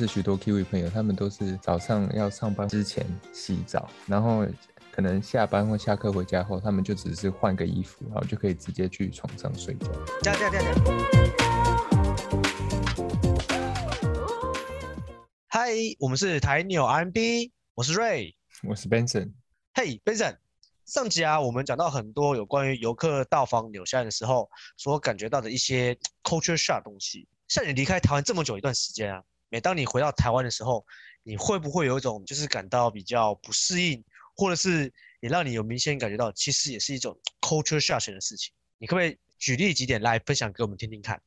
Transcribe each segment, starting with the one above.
是許多 Kiwi 朋友，他們都是早上要上班之前洗澡，然後可能下班或下課回家後，他們就只是換個衣服，然後就可以直接去床上睡覺。加加加嗨，Hi, 我們是台紐 RNB，我是 Ray，我是 Benson。嘿、hey，Benson，上集啊，我們講到很多有關於游客到訪紐西蘭的時候所感覺到的一些 culture shock 東西。像你離開台灣這麼久一段時間啊。每當你回到台灣的時候，你會不會有一種就是感到比較不適應，或者是也讓你有明顯感覺到，其實也是一種 culture shock 的事情？你可不可以舉例幾點來分享給我們聽聽看？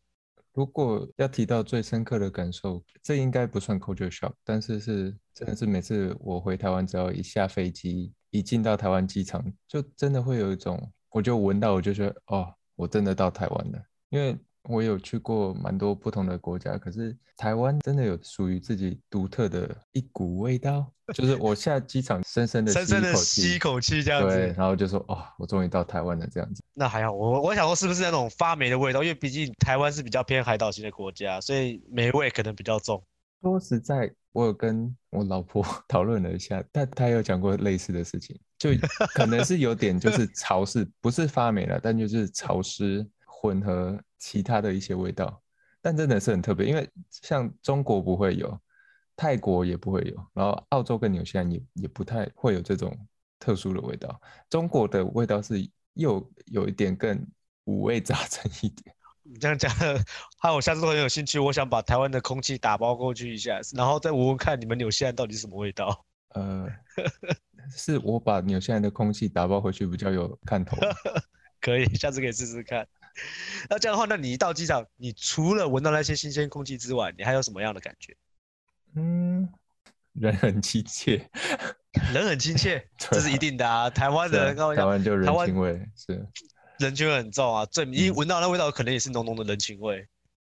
如果要提到最深刻的感受，這應該不算 culture shock，但是是真的是每次我回台灣只要一下飛機，一進到台灣機場，就真的會有一種，我就聞到，我就覺得，哦，我真的到台灣了，因為。我有去過蠻多不同的國家，可是台灣真的有屬於自己獨特的一股味道，就是我下機場深深的 深深的吸口氣這樣子，然後就說哦，我終於到台灣了這樣子。那還好，我我想說是不是那種發霉的味道？因為畢竟台灣是比較偏海島型的國家，所以霉味可能比較重。說實在，我有跟我老婆討論了一下，但她有講過類似的事情，就可能是有點就是潮濕， 不是發霉了，但就是潮濕混合，其他的一些味道，但真的是很特別，因為像中國不會有，泰國也不會有，然後澳洲跟紐西蘭也也不太會有這種特殊的味道。中國的味道是又有，有一點更五味雜陳一點。你這樣講，害、啊、我下次都很有興趣，我想把台灣的空氣打包過去一下，然後再聞聞看你們紐西蘭到底什麼味道。呃， 是我把紐西蘭的空氣打包回去比較有看頭。 可以，下次可以試試看。 那這樣的話，那你一到機場，你除了聞到那些新鮮空氣之外，你還有什麼樣的感覺？嗯，人很親切， 人很親切， 啊、這是一定的啊。台灣人，是啊、台灣就人情味灣是，人情味很重啊。最一聞到的那味道，可能也是濃濃的人情味，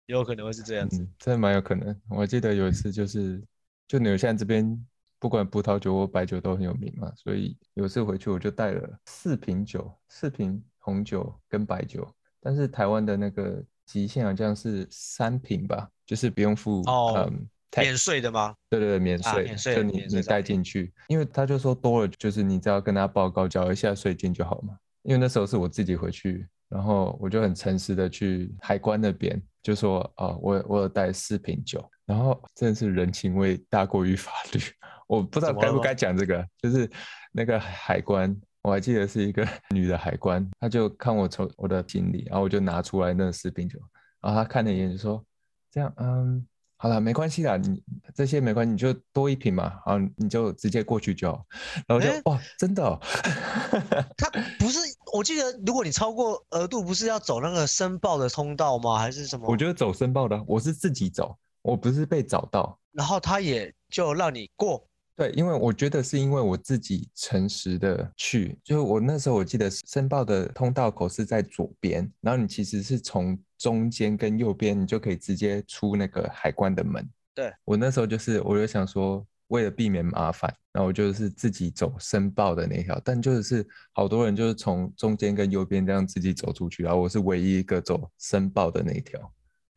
也有可能會是這樣子，嗯、真的蠻有可能。我記得有一次就是，就紐西蘭這邊不管葡萄酒或白酒都很有名嘛，所以有次回去我就帶了四瓶酒，四瓶紅酒跟白酒。但是台灣的那個極限好像是三瓶吧，就是不用付哦，嗯，免稅的嗎？對對對，免稅、啊，免稅，就你免你帶進去，因為他就說多了就是你只要跟他報告交一下稅金就好嘛。因為那時候是我自己回去，然後我就很誠實的去海關那邊就說啊、哦，我我有帶四瓶酒，然後真的是人情味大過於法律，我不知道該不該講這個，就是那個海關。我還記得是一個女的海關，她就看我從我的行李，然後我就拿出來那個食品就，然後她看了一眼就說：“這樣，嗯，好了，沒關係的，你這些沒關係，你就多一瓶嘛，然後你就直接過去就好。”然後我就、欸、哇，真的、哦，他不是，我記得如果你超過額度，不是要走那個申報的通道嗎？還是什麼？我覺得走申報的，我是自己走，我不是被找到，然後他也就讓你過。對，因為我覺得是因為我自己誠實的去，就是我那時候我記得申報的通道口是在左邊，然後你其實是從中間跟右邊，你就可以直接出那個海關的門。對，我那時候就是我就想說，為了避免麻煩，然後我就是自己走申報的那條，但就是好多人就是從中間跟右邊這樣自己走出去，然後我是唯一一個走申報的那一條。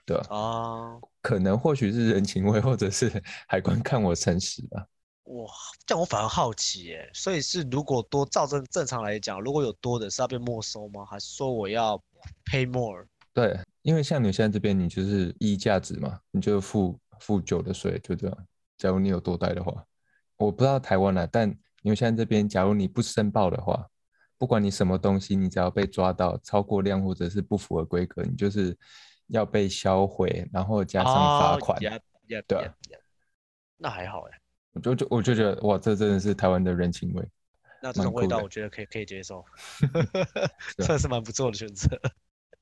對哦，可能或許是人情味，或者是海關看我誠實吧。哇，這樣我反而好奇哎，所以是如果多照正正常來講，如果有多的是要被沒收嗎？還是說我要 pay more？對，因為像紐西蘭這邊，你就是一價值嘛，你就付付九的稅，就這樣。假如你有多帶的話，我不知道台灣啦、啊，但紐西蘭這邊，假如你不申報的話，不管你什麼東西，你只要被抓到超過量或者是不符合規格，你就是要被銷毀，然後加上罰款。Oh, yeah, yeah, yeah, yeah. 對，那還好哎。我就就我就覺得哇，這真的是台灣的人情味。那這種味道，我覺得可以可以接受， 算是蠻不錯的選擇。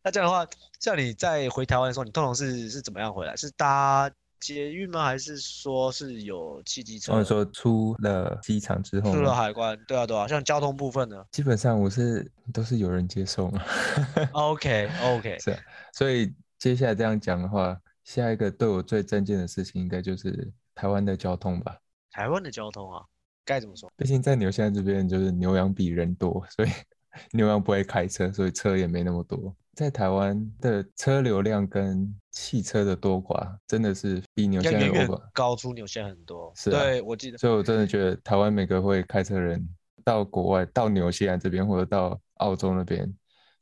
那這樣的話，像你在回台灣的時候，你通常是是怎麼樣回來？是搭捷運嗎？還是說是有汽機車？或者說出了機場之後，出了海關？對啊對啊。像交通部分呢，基本上我是都是有人接送嘛。 OK OK，是、啊。所以接下來這樣講的話，下一個對我最震驚的事情，應該就是台灣的交通吧。台灣的交通啊，該怎麼說？畢竟在紐西蘭這邊，就是牛羊比人多，所以牛羊不會開車，所以車也沒那麼多。在台灣的車流量跟汽車的多寡，真的是比紐西蘭多寡，遠遠高出紐西蘭很多。是、啊，對，我記得。所以我真的覺得，台灣每個會開車人到國外， 到紐西蘭這邊或者到澳洲那邊，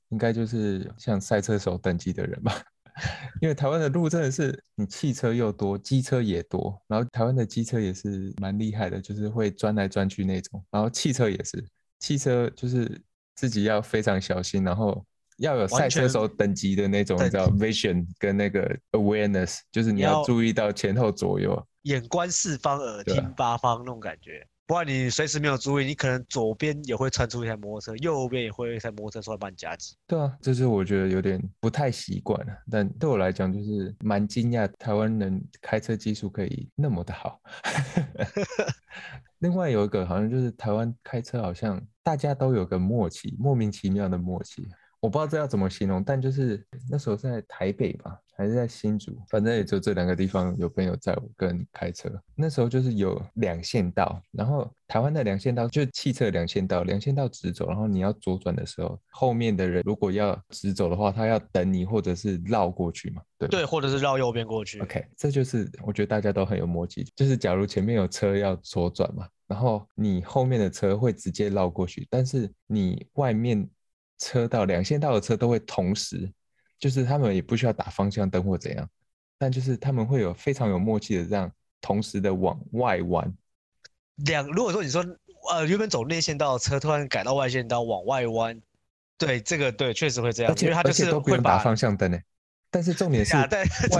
應該就是像賽車手等級的人吧。 因為台灣的路真的是你汽車又多，機車也多，然後台灣的機車也是蠻厲害的，就是會鑽來鑽去那種，然後汽車也是，汽車就是自己要非常小心，然後要有賽車手等級的那種叫 vision 跟那個 awareness，就是你要注意到前後左右，眼觀四方，耳聽八方那種感覺。不然你隨時沒有注意，你可能左邊也會竄出一台摩托車，右邊也會有一台摩托車出來把你夾擊。對啊，這是我覺得有點不太習慣啊。但對我來講，就是蠻驚訝，台灣人開車技術可以那麼的好。 另外有一個，好像就是台灣開車好像大家都有個默契，莫名其妙的默契。我不知道這要怎麼形容，但就是那時候是在台北吧，還是在新竹，反正也就這兩個地方有朋友在我跟開車。那時候就是有兩線道，然後台灣的兩線道就是汽車兩線道，兩線道直走，然後你要左轉的時候，後面的人如果要直走的話，他要等你，或者是繞過去嘛，對。對，或者是繞右邊過去。OK，這就是我覺得大家都很有默契，就是假如前面有車要左轉嘛，然後你後面的車會直接繞過去，但是你外面。車道，兩線道的車都會同時，就是他們也不需要打方向燈或怎樣，但就是他們會有非常有默契的這樣同時的往外彎。兩，如果說你說呃原本走內線道的車突然改到外線道往外彎，對，這個對，確實會這樣，而且因為他就是會把，而且都不用打方向燈呢。但是重點是外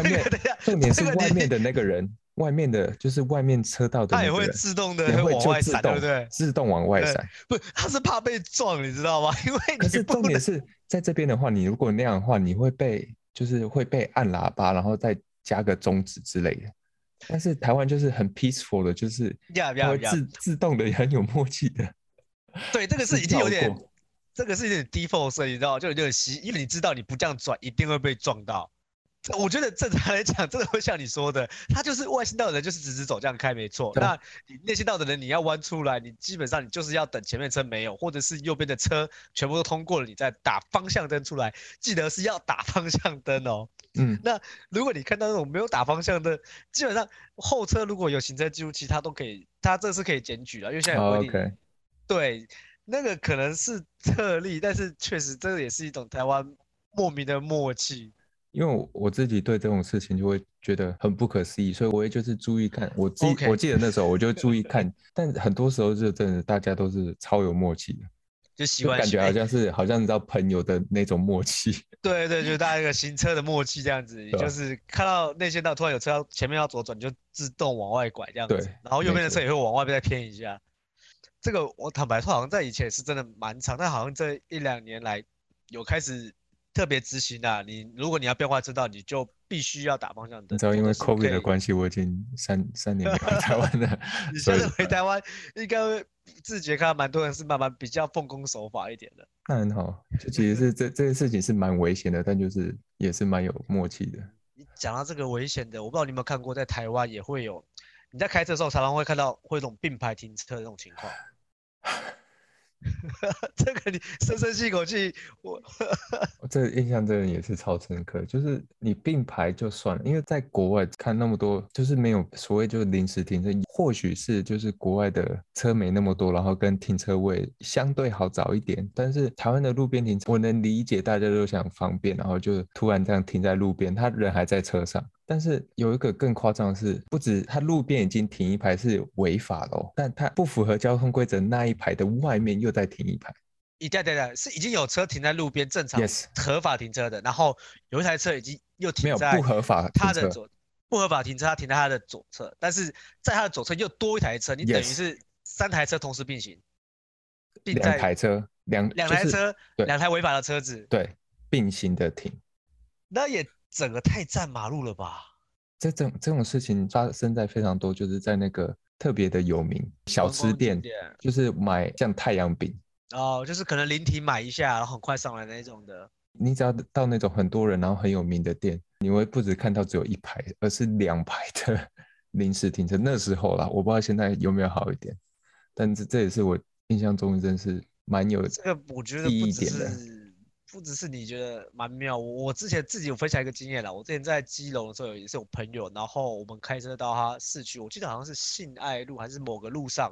面，啊，這個，重點是外面的那個人。外面的，就是外面車道的，它也會自動的往外閃，對不對？自動往外閃，不是，它是怕被撞，你知道嗎？因為你可是重點是在這邊的話，你如果那樣的話，你會被就是會被按喇叭，然後再加個中指之類的。但是台灣就是很 peaceful 的，就是要呀自 yeah, yeah, yeah. 自動的很有默契的。對，這個是已經有點，這個是有點 default 你知道，就有點習，因為你知道你不這樣轉，一定會被撞到。我覺得正常來講，這個會像你說的，他就是外線道的人，就是直直走這樣開沒錯。對那你內線道的人，你要彎出來，你基本上你就是要等前面車沒有，或者是右邊的車全部都通過了，你再打方向燈出來。記得是要打方向燈哦。嗯。那如果你看到那種沒有打方向燈，基本上後車如果有行車記錄器，他都可以，他這是可以檢舉的，因為現在有規定。Oh, okay. 對，那個可能是特例，但是確實這個也是一種台灣莫名的默契。因為我自己對這種事情就會覺得很不可思議，所以我也就是注意看。我記 Okay. 我記得那時候我就注意看， 但很多時候就真的大家都是超有默契的。就喜習歡感覺好像是、欸、好像你知道朋友的那種默契。對對，就是大家一個行車的默契這樣子， 也就是看到內線道突然有車前面要左轉，就自動往外拐這樣子。對。然後右邊的車也會往外邊再偏一下。對這個我坦白說，好像在以前是真的蠻常但好像這一兩年來有開始。特別執行的、啊，你如果你要變化車道，你就必須要打方向燈。你知道，因為 COVID 的關係，我已經三三年沒回台灣了。所以 台灣應該自己也看到蠻多人是慢慢比較奉公守法一點的。那很好，其實是這這件、個、事情是蠻危險的，但就是也是蠻有默契的。你講到這個危險的，我不知道你有沒有看過，在台灣也會有你在開車的時候，常常會看到會有這種並排停車的這種情況。 這個你深深吸一口氣，我 我這個印象真的也是超深刻。就是你並排就算了，因為在國外看那麼多，就是沒有所謂就是臨時停車，或許是就是國外的車沒那麼多，然後跟停車位相對好找一點。但是台灣的路邊停車，我能理解大家都想方便，然後就突然這樣停在路邊，他人還在車上。但是有一個更誇張的是，不止他路邊已經停一排是違法咯，但他不符合交通規則那一排的外面又在停一排。對對對，是已經有車停在路邊正常合法停車的，Yes. 然後有一台車已經又停在不合法他的左不合法停車，他停，車他停在他的左側，但是在他的左側又多一台車，你等於是三台車同時並行，Yes. 並在兩台車兩兩、就是、兩台車兩對台違法的車子對並行的停，那也。整個太占馬路了吧？這這這種事情發生在非常多，就是在那個特別的有名小吃店，就是買像太陽餅哦，就是可能臨停買一下，然後很快上來那種的。你只要到那種很多人，然後很有名的店，你會不止看到只有一排，而是兩排的臨時停車。那時候啦，我不知道現在有沒有好一點，但是這也是我印象中真的是蠻有一點的這個，我覺不只是你覺得蠻妙，我我之前自己有分享一個經驗了。我之前在基隆的時候，也是我朋友，然後我們開車到他市區，我記得好像是信愛路還是某個路上，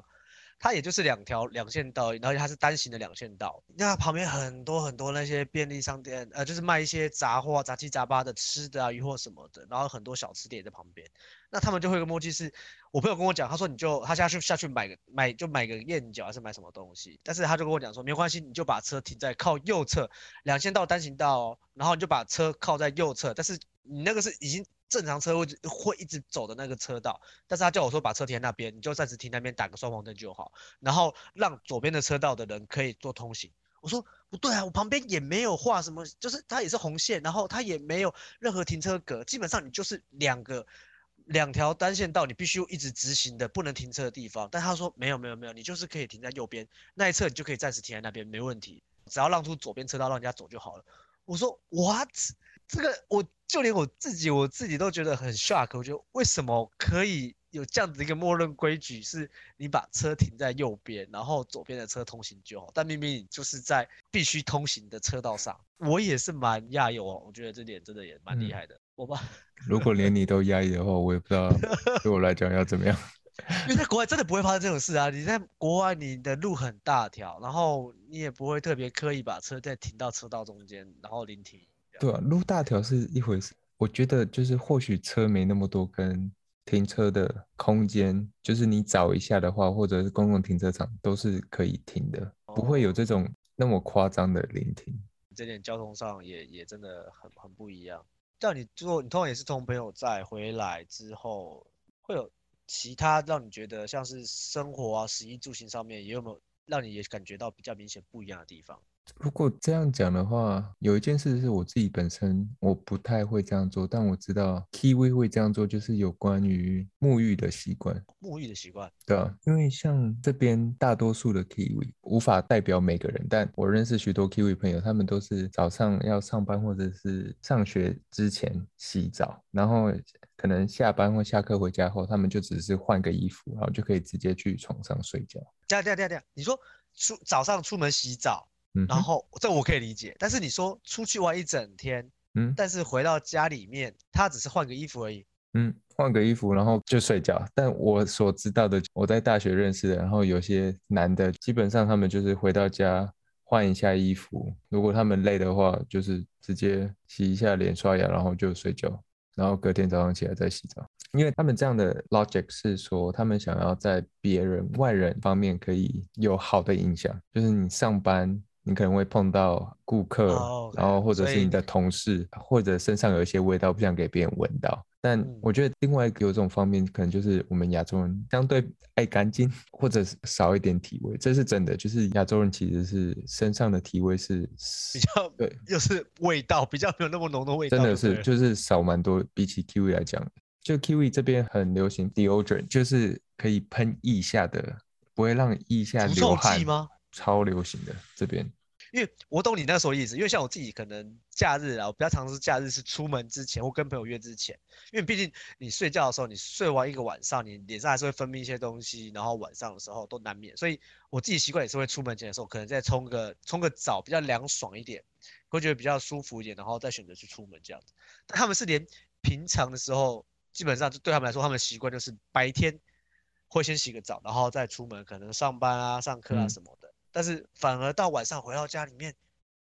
它也就是兩條兩線道，然後它是單行的兩線道。那旁邊很多很多那些便利商店，呃，就是賣一些雜貨、雜七雜八的吃的啊、魚貨什麼的，然後很多小吃店在旁邊，那他們就會有個默契是。我朋友跟我講，他說你就他下去下去買個買就買個燕角還是買什麼東西，但是他就跟我講說，沒關係，你就把車停在靠右側兩線道單行道，然後你就把車靠在右側，但是你那個是已經正常車位會，會一直走的那個車道，但是他叫我說把車停在那邊，你就暫時停那邊打個雙黃燈就好，然後讓左邊的車道的人可以做通行。我說不對啊，我旁邊也沒有畫什麼，就是它也是紅線，然後它也沒有任何停車格，基本上你就是兩個。兩條單線道，你必須一直直行的，不能停車的地方。但他說沒有沒有沒有，你就是可以停在右邊那一側，你就可以暫時停在那邊，沒問題，只要讓出左邊車道讓人家走就好了。我說 what？這個我就連我自己我自己都覺得很 shock，我覺得為什麼可以有這樣子的一個默認規矩，是你把車停在右邊，然後左邊的車通行就好？但明明你就是在必須通行的車道上。我也是蠻訝異哦，我覺得這點真的也蠻厲害的。嗯我吧， 如果連你都訝異的話，我也不知道對我來講要怎麼樣。 因為在國外真的不會發生這種事啊！你在國外，你的路很大條，然後你也不會特別刻意把車再停到車道中間，然後臨停。對啊，路大條是一回事， 我覺得就是或許車沒那麼多，跟停車的空間，就是你找一下的話，或者是公共停車場都是可以停的，哦、不會有這種那麼誇張的臨停。這點交通上也也真的很很不一樣。讓你做，你通常也是從朋友在回來之後，會有其他讓你覺得像是生活啊、食衣住行上面，也有沒有讓你也感覺到比較明顯不一樣的地方？如果這樣講的話，有一件事是我自己本身我不太會這樣做，但我知道 Kiwi 會這樣做，就是有關於沐浴的習慣。沐浴的習慣，對啊。因為像這邊大多數的 Kiwi 無法代表每個人，但我認識許多 Kiwi 朋友，他們都是早上要上班或者是上學之前洗澡，然後可能下班或下課回家後，他們就只是換個衣服，然後就可以直接去床上睡覺。這樣這樣這樣這樣，你說出早上出門洗澡？然後、嗯、哼這我可以理解，但是你說出去玩一整天，嗯，但是回到家裡面，他只是換個衣服而已，嗯，換個衣服然後就睡覺。但我所知道的，我在大學認識的，然後有些男的，基本上他們就是回到家換一下衣服，如果他們累的話，就是直接洗一下臉刷牙，然後就睡覺，然後隔天早上起來再洗澡，因為他們這樣的 logic 是說，他們想要在別人外人方面可以有好的印象，就是你上班。你可能會碰到顧客，oh, okay. 然後或者是你的同事，以或者身上有一些味道不想給別人聞到。但我覺得另外一個有種方面，可能就是我們亞洲人相對愛乾淨，或者是少一點體味，這是真的。就是亞洲人其實是身上的體味是比較對，又是味道比較沒有那麼濃的味道，真的是就是少蠻多。比起 Kiwi 來講，就 Kiwi 這邊很流行 deodorant，就是可以噴腋下的，不會讓腋下流汗嗎？超流行的這邊，因為我懂你那時候意思，因為像我自己可能假日啊，我比較常是假日是出門之前或跟朋友約之前，因為畢竟你睡覺的時候，你睡完一個晚上，你臉上還是會分泌一些東西，然後晚上的時候都難免，所以我自己習慣也是會出門前的時候，可能再沖個沖個澡，比較涼爽一點，會覺得比較舒服一點，然後再選擇去出門這樣子。但他們是連平常的時候，基本上就對他們來說，他們習慣就是白天會先洗個澡，然後再出門，可能上班啊、上課啊什麼的。嗯但是反而到晚上回到家裡面，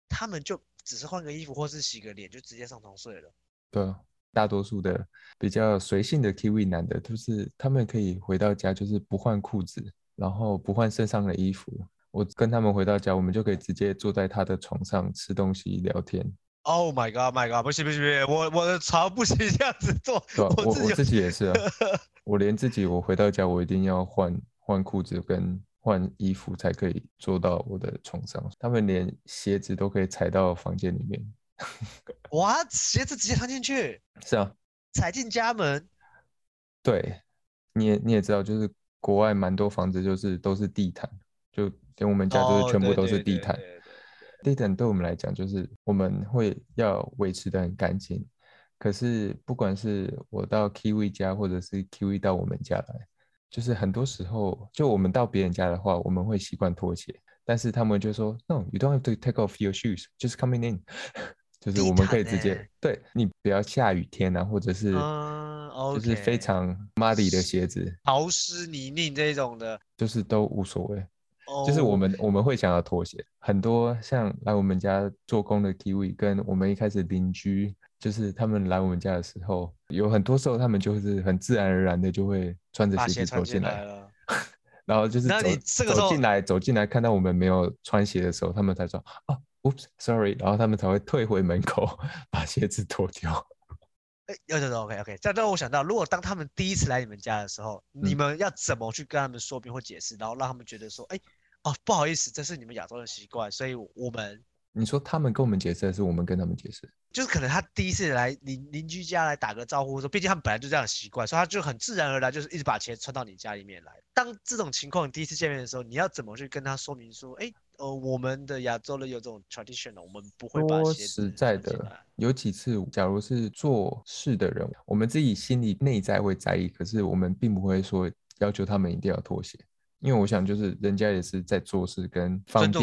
他們就只是換個衣服或是洗個臉，就直接上床睡了。對、啊，大多數的比較隨性的 Kiwi 男的，都是他們可以回到家就是不換褲子，然後不換身上的衣服。我跟他們回到家，我們就可以直接坐在他的床上吃東西聊天。Oh my god, my god！不行不行不行，我我的床不行這樣子坐。對啊，我自我，我自己也是啊， 我連自己我回到家我一定要換換褲子跟。換衣服才可以坐到我的床上，他們連鞋子都可以踩到房間裡面。 哇，鞋子直接穿進去？是啊，踩進家門。對，你也你也知道，就是國外蠻多房子就是都是地毯，就跟我們家就是、oh, 全部都是地毯。地毯對我們來講就是我們會要維持的很乾淨。可是，不管是我到 Kiwi 家，或者是 Kiwi 到我們家來。就是很多時候，就我們到別人家的話，我們會習慣脫鞋，但是他們就說 “No, you don't have to take off your shoes. Just coming in.” 就是我們可以直接對你不要下雨天吶、啊，或者是就是非常 muddy 的鞋子，潮濕泥濘這種的，就是都無所謂。就是我們我們會想要脫鞋，很多像來我們家做工的 Kiwi 跟我們一開始鄰居。就是他們來我們家的時候，有很多時候他們就是很自然而然的就會穿着鞋子走進來，進來 然後就是走，那你這個時候進來走進來看到我們沒有穿鞋的時候，他們才說哦、啊、oops、sorry，然後他們才會退回門口把鞋子脫掉。哎、欸，有的說 OK OK，這讓我想到，如果當他們第一次來你們家的時候，嗯、你們要怎麼去跟他們說明或解釋，然後讓他們覺得說，哎、欸，哦，不好意思，這是你們亞洲的習慣，所以我們。你說他們跟我們解釋，還是我們跟他們解釋？就是可能他第一次來鄰鄰居家來打個招呼，說，畢竟他們本來就這樣的習慣，所以他就很自然而然，就是一直把鞋穿到你家裡面來。當這種情況第一次見面的時候，你要怎麼去跟他說明說，哎，呃，我們的亞洲人有這種 tradition 的，我們不會把鞋。實在的，有幾次，假如是做事的人，我們自己心裡內在會在意，可是我們並不會說要求他們一定要脫鞋。因為我想，就是人家也是在做事跟方便，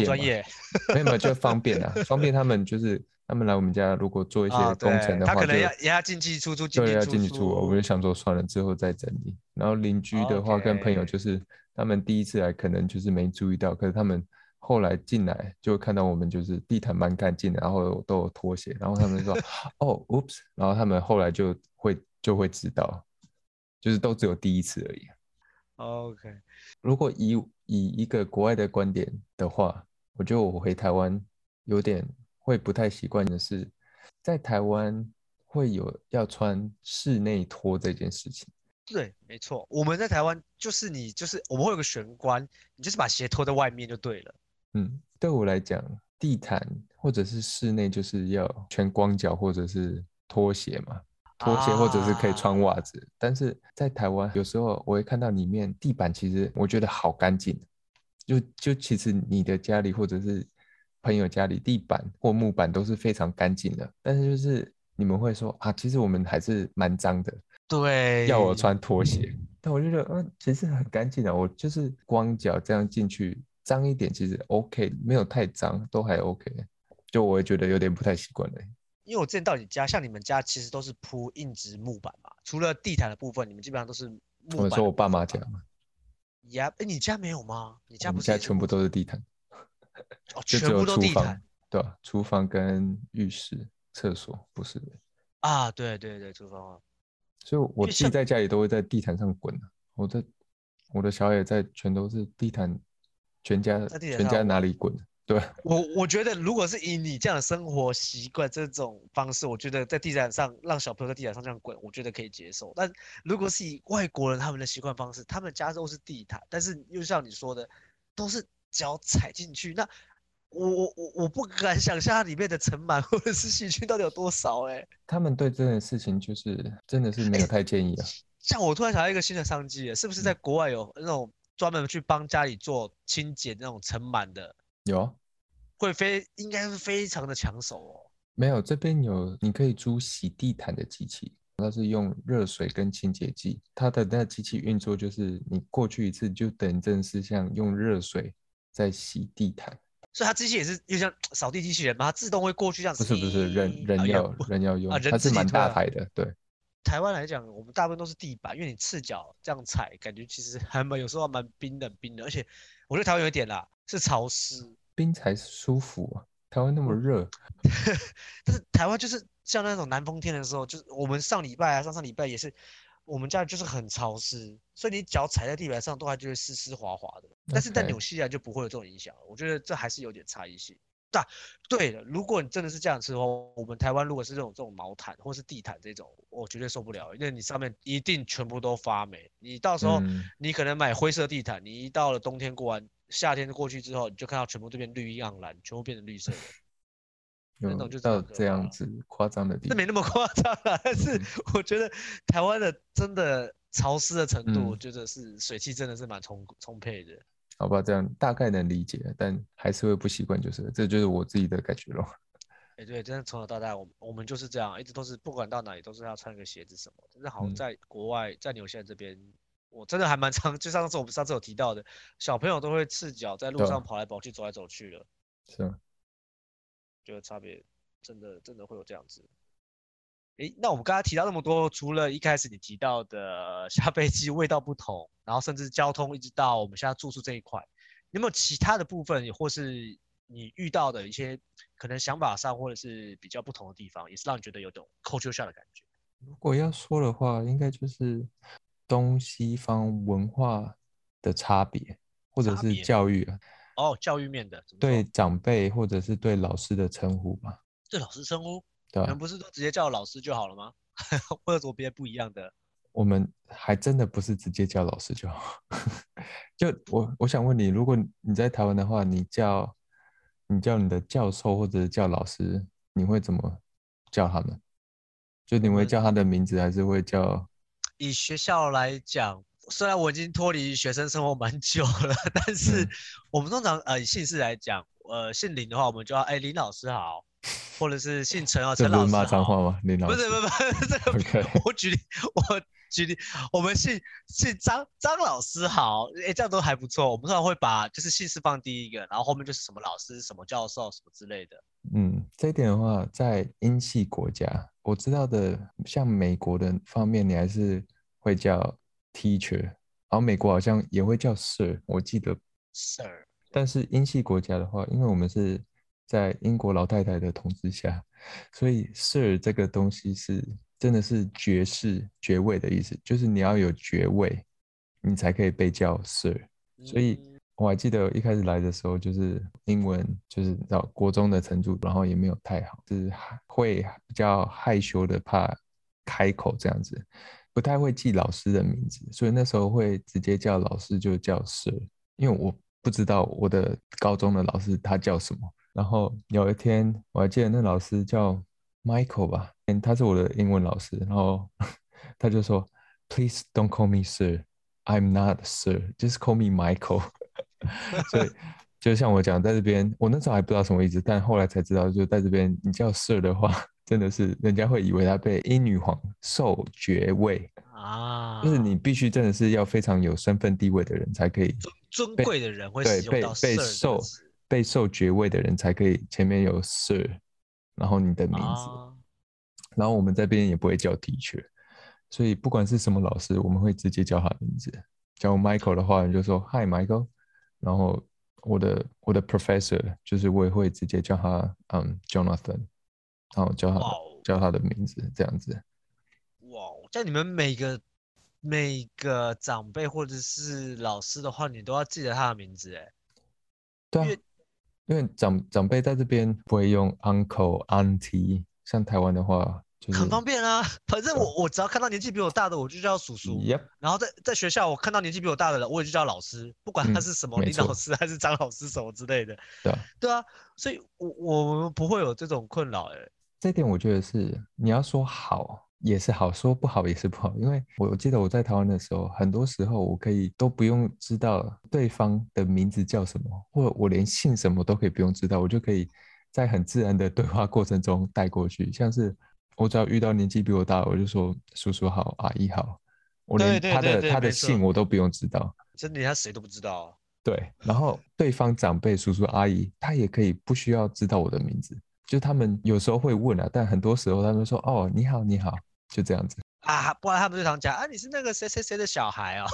沒有嘛，就方便啊。方 便他們就是他們來我們家，如果做一些工程的話，就他可能要要進去出租、啊，對，要，要進去住出出，進去出出，我們就想說算了，之後再整理。然後鄰居的話跟朋友，就是他們第一次來可能就是沒注意到，可是他們後來進來就會看到我們，就是地毯蠻乾淨的，然後都有拖鞋，然後他們說 哦，oops，然後他們後來就會就會知道，就是都只有第一次而已。OK，如果以以一個國外的觀點的話，我覺得我回台灣有點會不太習慣的是，在台灣會有要穿室內拖這件事情。對，沒錯，我們在台灣就是你就是我們會有個玄關，你就是把鞋脫在外面就對了。嗯，對我來講，地毯或者是室內就是要全光腳或者是拖鞋嘛。拖鞋或者是可以穿襪子，啊、但是在台灣有時候我會看到裡面地板其實我覺得好乾淨，就就其實你的家裡或者是朋友家裡地板或木板都是非常乾淨的，但是就是你們會說啊，其實我們還是蠻髒的，對，要我穿拖鞋，嗯、但我就覺得嗯，其實很乾淨的，我就是光腳這樣進去，髒一點其實 OK，沒有太髒，都還 OK，就我也覺得有點不太習慣欸。因為我之前到你家，像你們家其實都是鋪硬質木板嘛，除了地毯的部分，你們基本上都是木板。我說我爸媽家嘛？也，哎，你家沒有嗎？你家不是是？我們家全部都是地毯。 哦，就只有廚房全部都地毯，對、啊、廚房跟浴室、廁所不是的。啊，對對對，廚房、啊。所以我自己在家裡都會在地毯上滾、啊、我的我的小野在全都是地毯，全家在全家哪裡滾？對我，我覺得如果是以你這樣的生活習慣這種方式，我覺得在地毯上讓小朋友在地毯上這樣滾，我覺得可以接受。但如果是以外國人他們的習慣方式，他們家都是地毯，但是又像你說的，都是腳踩進去，那我我我我不敢想象它裡面的塵蟎或者是細菌到底有多少哎、欸。他們對這件事情就是真的是沒有太建議啊、欸。像我突然想到一個新的商機，是不是在國外有那種專門去幫家裡做清潔的那種塵蟎的？有。會非應該是非常的搶手哦。沒有，這邊有你可以租洗地毯的機器，它是用熱水跟清潔劑。它的那機器運作就是你過去一次，就等於是像用熱水在洗地毯。所以它機器也是又像掃地機器人嗎？它自動會過去這樣子？不是不是，人人要、啊、人要用、啊、人它是蠻大台的。對，台灣來講，我們大部分都是地板，因為你赤腳這樣踩，感覺其實還蠻有時候還蠻冰冷冰冷，而且我覺得台灣有一點啦，是潮濕。冰才舒服啊！台灣那麼熱， 但是台灣就是像那種南風天的時候，就是我們上禮拜啊，上上禮拜也是，我們家就是很潮濕，所以你腳踩在地板上都還覺得濕濕滑滑的。但是在紐西蘭就不會有這種影響，我覺得這還是有點差異性。Okay. 但對了，如果你真的是這樣子的話，我們台灣如果是這種這種毛毯或是地毯這種，我絕對受不了了，因為你上面一定全部都發霉。你到時候你可能買灰色地毯，你一到了冬天過完。嗯夏天過去之後，你就看到全部這邊綠意盎然，全部變成綠色，那種 有就這到這樣子誇張的地方。那沒那麼誇張啊，嗯、但是我覺得台灣的真的潮濕的程度，嗯、我覺得是水汽真的是蠻充充沛的。好吧，這樣大概能理解，但還是會不習慣，就是這就是我自己的感覺咯。哎，欸、對，真的從小到大，我我們就是這樣，一直都是不管到哪裡都是要穿個鞋子什麼，真的好像在國外，嗯、在紐西蘭這邊。我真的還蠻常，就上次我們上次有提到的，小朋友都會赤腳在路上跑來跑去，對走來走去了，是啊的，就有差別，真的真的會有這樣子。哎、欸，那我們剛才提到那麼多，除了一開始你提到的下飛機味道不同，然後甚至交通，一直到我們現在住宿這一塊，有沒有其他的部分，或是你遇到的一些可能想法上，或者是比較不同的地方，也是讓你覺得有種 culture shock 的感覺？如果要說的話，應該就是。東西方文化的差別，或者是教育啊？哦，教育面的。對長輩或者是對老師的稱呼吧。對老師稱呼？對吧？我們不是都直接叫老師就好了嗎？ 或者說別的不一樣的？我們還真的不是直接叫老師就好。 就我我想問你，如果你在台灣的話，你叫你叫你的教授或者是叫老師，你會怎麼叫他們？就你會叫他的名字，還是會叫？以學校來講，雖然我已經脫離學生生活蠻久了，但是我們通常、嗯、呃以姓氏來講，呃姓林的話，我們就要哎、欸、林老師好，或者是姓陳啊陳老師好。這罵髒話嗎？林老師不是不是不是不是 這個我舉例我舉例，Okay. 我舉例，我們姓姓張張老師好，哎、欸、這樣都還不錯。我們通常會把就是姓氏放第一個，然後後面就是什麼老師什麼教授什麼之類的。嗯，這一點的話，在英系國家。我知道的，像美國的方面，你還是會叫 teacher，然後美國好像也會叫 sir，我記得 sir，但是英系國家的話，因為我們是在英國老太太的統治下，所以 sir 這個東西是真的是爵士爵位的意思，就是你要有爵位，你才可以被叫 sir，所以。嗯我還記得一開始來的時候，就是英文就是你知道國中的程度，然後也沒有太好，就是會比較害羞的，怕開口這樣子，不太會記老師的名字，所以那時候會直接叫老師就叫 Sir，因為我不知道我的高中的老師他叫什麼。然後有一天我還記得那老師叫 Michael 吧，嗯，他是我的英文老師，然後他就說：“Please don't call me Sir, I'm not Sir, just call me Michael。”所以，就像我講，在這邊我那時候還不知道什麼意思，但後來才知道，就在這邊你叫 Sir 的話，真的是人家會以為他被英女皇授爵位啊，就是你必須真的是要非常有身份地位的人才可以尊貴的人會對被被授被授爵位的人才可以前面有 Sir，然後你的名字，然後我們這邊也不會叫 teacher，所以不管是什麼老師，我們會直接叫他名字，叫 Michael 的話，你就說 Hi Michael。然後我的我的 professor 就是我也會直接叫他嗯、um, Jonathan，然後叫他 Wow. 叫他的名字這樣子。哇！但你們每個每個長輩或者是老師的話，你都要記得他的名字誒，對啊，因為，因為長長輩在這邊不會用 uncle auntie，像台灣的話。就是、很方便啊，反正我、哦、我只要看到年紀比我大的，我就叫叔叔。嗯、然後在在學校，我看到年紀比我大的，我也就叫老師，不管他是什麼李老師還是張老師什麼之類的。對、嗯、對啊，所以我我們不會有這種困擾哎、欸。這點我覺得是你要說好也是好，說不好也是不好，因為我記得我在台灣的時候，很多時候我可以都不用知道對方的名字叫什麼，或者我連姓什麼都可以不用知道，我就可以在很自然的對話過程中帶過去，像是。我只要遇到年紀比我大，我就說叔叔好，阿姨好。我連他的他的姓我都不用知道，真的，連他誰都不知道。對，然後對方長輩叔叔阿姨，他也可以不需要知道我的名字。就他們有時候會問啊，但很多時候他們說哦，你好你好，就這樣子啊。不然他們就常講啊，你是那個誰誰誰的小孩哦，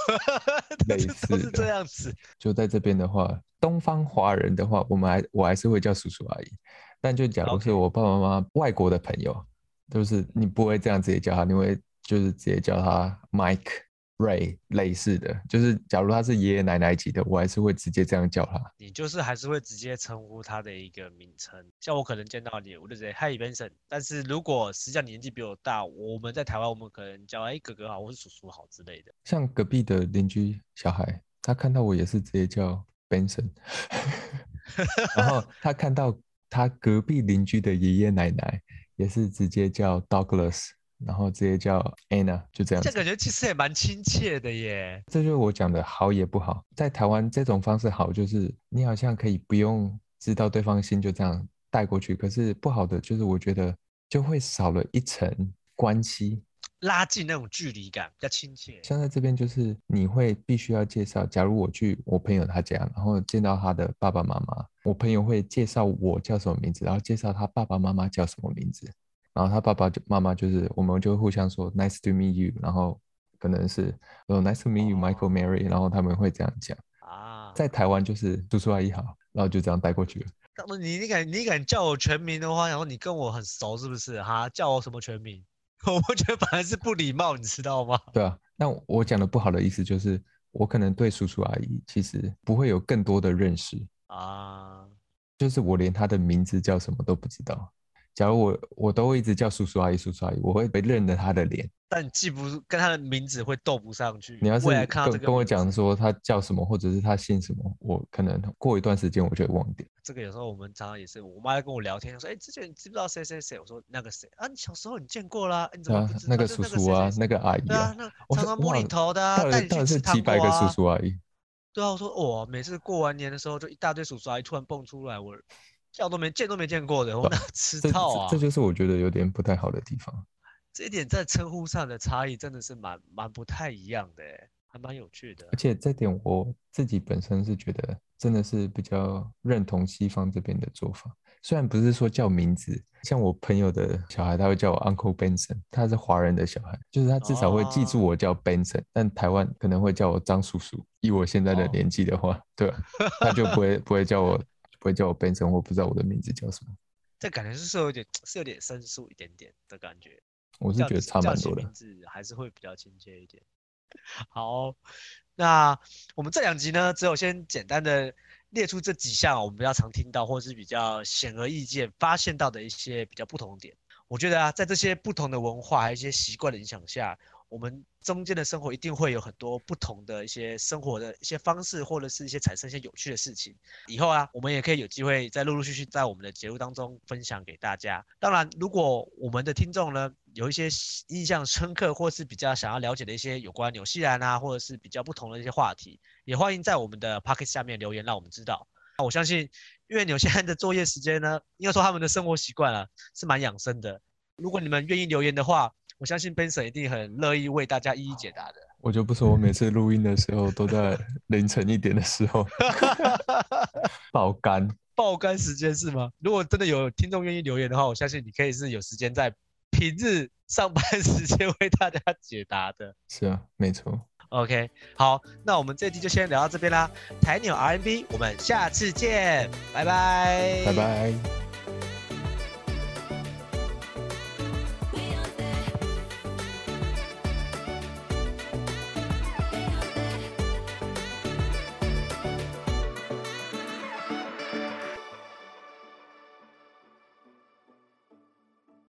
就 是，是這樣子。就在這邊的話，東方華人的話，我們還我還是會叫叔叔阿姨。但就假如是我爸爸媽媽外國的朋友。Okay. 都是你不會這樣直接叫他，你會就是直接叫他 Mike、Ray 類似的。就是假如他是爺爺奶奶級的，我還是會直接這樣叫他。你就是還是會直接稱呼他的一個名稱。像我可能見到你，我就直接 Hi Benson。但是如果實際上年紀比我大，我們在台灣，我們可能叫哎哥哥好，或是叔叔好之類的。像隔壁的鄰居小孩，他看到我也是直接叫 Benson， 然後他看到他隔壁鄰居的爺爺奶奶。也是直接叫 Douglas，然後直接叫 Anna，就這樣。這感覺其實也蠻親切的耶。這就是我講的好也不好，在台灣這種方式好，就是你好像可以不用知道對方心，就這樣帶過去。可是不好的就是，我覺得就會少了一層關係。拉近那種距離感，比較親切。像在這邊，就是你會必須要介紹。假如我去我朋友他家，然後見到他的爸爸媽媽，我朋友會介紹我叫什麼名字，然後介紹他爸爸媽媽叫什麼名字，然後他爸爸就媽媽就是，我們就會互相說 nice to meet you，然後可能是，oh, nice to meet you Michael Mary，然後他們會這樣講啊。在台灣就是叔叔阿姨好，然後就這樣帶過去了。你你敢你敢叫我全名的話，然後你跟我很熟是不是？哈，叫我什麼全名？我覺得反而是不禮貌，你知道嗎？對啊，那我講的不好的意思就是，我可能對叔叔阿姨其實不會有更多的認識啊，就是我連他的名字叫什麼都不知道。假如我我都會一直叫叔叔阿姨叔叔阿姨，我會被認得他的臉，但記不住跟他的名字會鬥不上去。你要是跟，看跟我講說他叫什麼，或者是他姓什麼，我可能過一段時間我就會忘掉。這個有時候我們常常也是，我媽在跟我聊天，說，哎、欸，之前你知不知道誰誰誰？我說那個誰啊？你小時候你見過啦、啊啊？那個叔叔啊，啊那，個誰誰那個阿姨啊，啊那常常摸你頭的、啊。到底你、啊、到底是幾百個叔叔阿姨。對啊，我說我每次過完年的時候，就一大堆叔叔阿姨突然蹦出來，我。叫都沒見都沒見過的，我哪知道啊，這這？這就是我覺得有點不太好的地方。這一點在稱呼上的差異真的是蠻蠻不太一樣的，還蠻有趣的。而且這點我自己本身是覺得真的是比較認同西方這邊的做法，雖然不是說叫名字，像我朋友的小孩他會叫我 Uncle Benson，他是華人的小孩，就是他至少會記住我叫 Benson、哦、但台灣可能會叫我張叔叔。以我現在的年紀的話，哦、對，他就不會不會叫我。 不會叫我 b 成我，或不知道我的名字叫什麼，這感覺是有點，是有點生疏一點點的感覺。我是覺得差蠻多的，名字還是會比較親切一點。好哦，那我們這兩集呢，只有先簡單的列出這幾項，我們比較常聽到，或是比較顯而易見發現到的一些比較不同點。我覺得啊，在這些不同的文化，還有一些習慣的影響下。我們中間的生活一定會有很多不同的一些生活的一些方式，或者是一些產生一些有趣的事情。以後啊，我們也可以有機會再陸陸續續在我們的節目當中分享給大家。當然，如果我們的聽眾呢，有一些印象深刻，或是比較想要了解的一些有關紐西蘭啊，或者是比較不同的一些話題，也歡迎在我們的 Podcast 下面留言，讓我們知道。我相信，因為紐西蘭的作業時間呢，應該說他們的生活習慣啊是蠻養生的。如果你們願意留言的話。我相信 Ben Sir 一定很樂意為大家一一解答的。我就不說我每次錄音的時候都在凌晨一點的時候， 爆肝，爆肝時間是嗎？如果真的有聽眾願意留言的話，我相信你可以是有時間在平日上班時間為大家解答的。是啊，沒錯。OK，好，那我們這期就先聊到這邊啦。台紐 RNB，我們下次見，拜拜，拜拜。